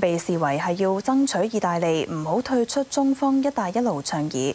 被視為係要爭取意大利唔好退出中方“一帶一路”倡議。